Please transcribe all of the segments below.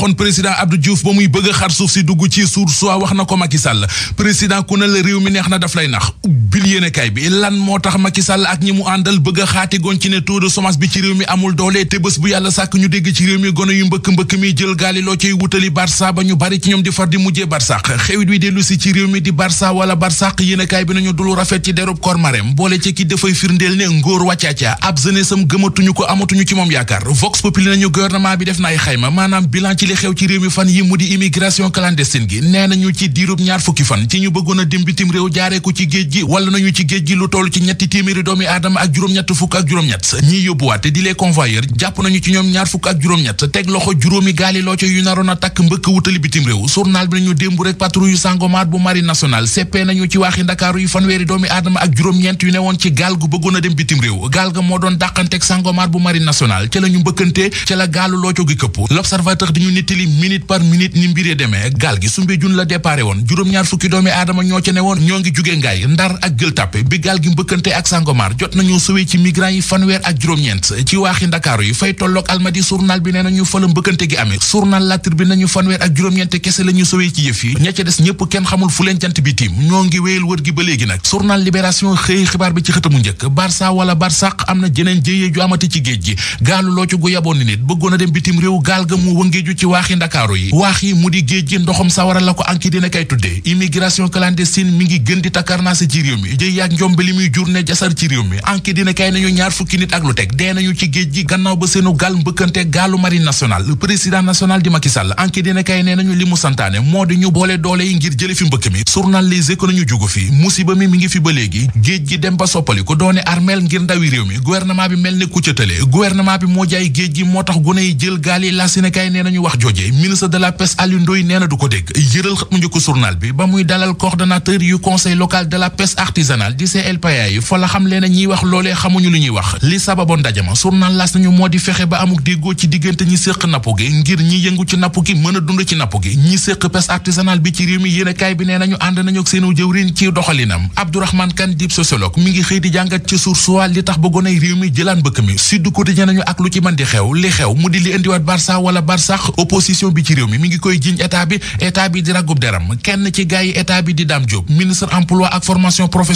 waxoon président Abdou Diouf ba muy bëgg a xar suuf si dugg ci suur soi wax na ko Macky Sall président ku ne la réew mi neex na daf lay nax yéenekaay bi lan moo tax Macky Sall ak ñi mu àndal bëgg a xaati ci ne taux de bi ci réew mi amul doole te bés bu yàlla sàkk ñu dégg ci réew mi gone yu mbëkk mbëkk mi jël gaali loo cay wutali Barça ba ñu bari ci ñoom di far di mujjee Barsàq xewit wi dellu si ci réew mi di Barça wala Barsàq yéenekaay bi nañu dulu rafet ci derub kormarem boole ci ki dafay firndeel ne ngóor wàccaaca ab jeunessam gëmatuñu ko amatuñu ci moom yaakaar Vox Populi nañu gouvernement bi def na ay xayma maanaam bilan ci li xew ci réew mi fan mu di immigration clandestine gi nee nañu fukki fan nañu ci géej gi lu toll ci ñetti téeméeri doomi aadama ak juróom-ñett fukk ak juróom-ñett ñiy yóbbuwaat te di les convoyeurs jàpp nañu ci ñoom ñaar fukk ak juróom-ñett teg loxo juróomi gaali loo yu naroon a takk mbëkk wutali bitim réew journal bi nañu démb rek patrouille Sangomar bu marine nationale seppee nañu ci waaxi Ndakaaru yu fanweeri doomi aadama ak juróom-ñeent yu newoon ci gaal gu bëggoon a dem bitim réew gaal ga moo doon dàqanteeg Sangomar bu marine nationale ca la ñu ñoo ca newoon ñoo Gueule Tapée bi gaal gi mbëkkante ak Sangomar jot nañoo sowee ci migrants yi fanweer ak juróom-ñeent ci waaxi Ndakaaru yi fay tolloog Almadi journal bi nee nañu fa mbëkkante gi amee journal La bi nañu fanweer ak juróom-ñeent kese la ñu ci yëf yi ña des ñëpp kenn xamul fu leen jant bi ñoo ngi wéyal wër gi ba léegi nag journal Libération xëy xibaar bi ci xëtamu njëkk Barça wala Barsaq am na jeneen jéyee ju amati ci géej gi gaalu loo gu yaboon a jëy yaak njombe li muy jur ne jasar ci réew mi anki dina kay nañu ñaar fukki nit ak lu teg dee nañu ci géej gi gannaaw ba seenu gaal mbëkkante gaalu marine nationale le président national di Macky Sall anki dina kay nee nañu li mu santaane moo di ñu boole doole yi ngir jële fi mbëkk mi journal Les Échos nañu jugu fi musiba mi mi ngi fi ba léegi géej gi dem ba soppali ko doone armeel ngir ndawi réew mi gouvernement bi mel ne ku ca bi moo jaay géej gi moo tax gune yi gaal la sine kay wax jooje ministre de la pêche Aliou na bi ba muy dalal coordonnateur yu conseil local de la pêche artisanal di CLPA yi fa la xam leen ñiy wax loolee xamuñu lu ñuy wax li sababoon ndaje ma journal L'As nañu moo di fexe ba amuk déggoo ci diggante ñi séq napp gi ngir ñi yëngu ci napp gi mën a dund ci napp gi ñi séq pêche artisanale bi ci réew mi yéen a kaay bi nee nañu ànd nañu ak seenu jëwriñ ci doxalinam Abdourahmane Kane dib sociologue mi ngi xëy di jàngat ci source wa li tax ba gone réew mi jëlaan bëkk mi Sud Quotidien nañu ak lu ci mën di xew li xew bi ci réew mi mi ngi koy jiñ état bi état bi di ragub deram bi di Dame Diop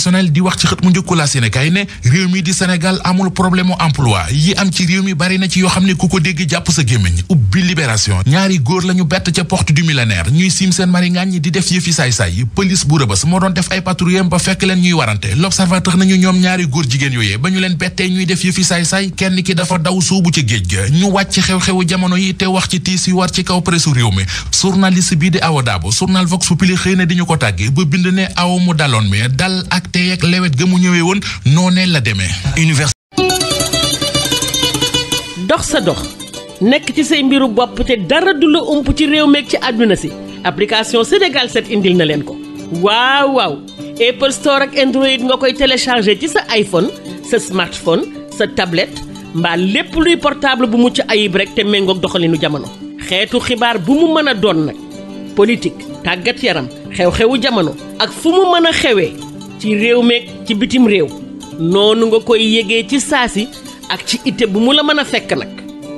professionnel di wax ci xët mu njëkku la Sénégal ne réew mi di Sénégal amul problème mu emploi yi am ci réew mi bari na ci yoo xam ne ku ko dégg jàpp sa gémmiñ ubbi libération ñaari góor la ñu bett ca porte du millénaire ñuy siim seen mari ngaañ di def yëfi saay-saay police bu rëbës moo doon def ay patrouille ba fekk leen ñuy warante l'observateur nañu ñoom ñaari góor jigéen yooyee ba ñu leen bettee ñuy def yëfi saay-saay kenn ki dafa daw soobu ca géej ga ñu xew jamono yi te wax ci tiis yi war ci kaw presu réew mi journaliste bii di Awa Dabo journal Vox Populi xëy na di ñu ko tàgge ba bind ne aw mu daloon ak te yeeg lewet mu ñëwee woon noonee la demee université dox sa dox nekk ci say mbiru bopp te dara du la ump ci réew meeg ci àdduna si application Sénégal 7 indil na leen ko waaw waaw Apple Store ak Android nga koy télécharger ci sa iPhone sa smartphone sa tablette mbaa lépp luy portable bu mucc ayib rek te méngoog doxalinu jamono xeetu xibaar bu mu mën a doon nag politique tàggat yaram xew-xewu jamono ak fu mu mën xewee ci réew meeg ci bitim réew noonu nga koy yégee ci saasi ak ci ite bu mu la mën a fekk nag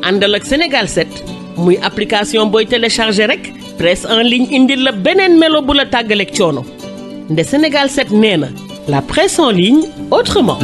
àndal ak Sénégal set muy application booy téléchargé rek presse en ligne indil la beneen melo bu la tàggaleeg coono nde Sénégal 7 nee na la presse en ligne autrement